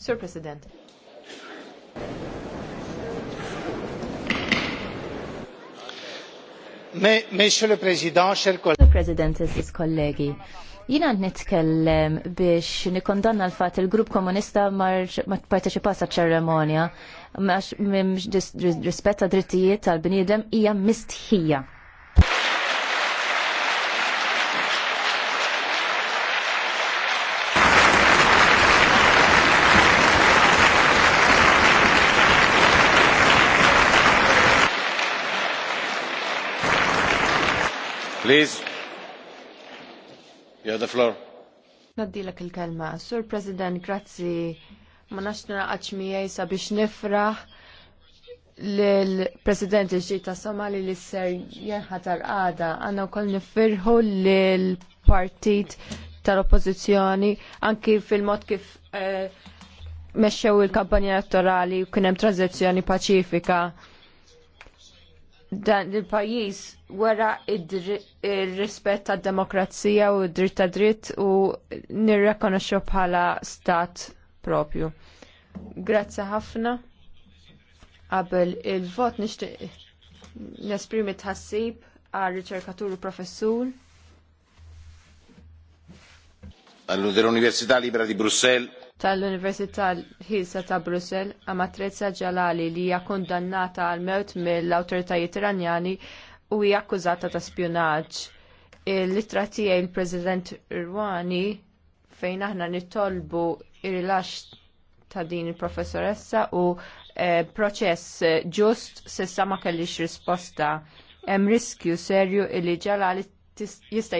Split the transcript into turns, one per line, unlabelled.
Sir President.
Me, Monsieur le Président, cher collègue. President, is kollegi. Jina għand nitkellem biex nikondanna l-fat il-grupp komunista ma parteċipat sa ċeremonja, ma rispetta drittijiet tal bnidem ija mistħija. Please. You have the floor.
Naddilek il-kelma. Sur President, grazzi. Ma nafx naqgħodx jajsa biex nifraħ l-President il ġita Somali li ser jenħatar għada. Għanna wkoll nifirħu l-partit tal-oppozizjoni anki fil-mod kif eh, mexxew il-kampanja elettorali u kien hemm tranzizzjoni paċifika dan il-pajjiż wara il rispett tad-demokrazija u d-dritt ta' dritt u nirrekonoxxu bħala stat propju. Grazzi ħafna. Qabel il-vot nixtieq nesprimi tħassib għal riċerkatur u professur.
All'Università Libera di Bruxelles
tal-Università Ħilsa ta' Brussel, Amatrezza Ġalali li hija kundannata għal mewt mill-awtoritajiet Iranjani u hija akkużata ta' spjunaġġ. Il-litra tiegħi il-President Irwani fejn aħna nittolbu ir-rilax ta' din il-professoressa u eh, proċess ġust sissa ma kellix risposta. Hemm riskju serju li ġalali jista'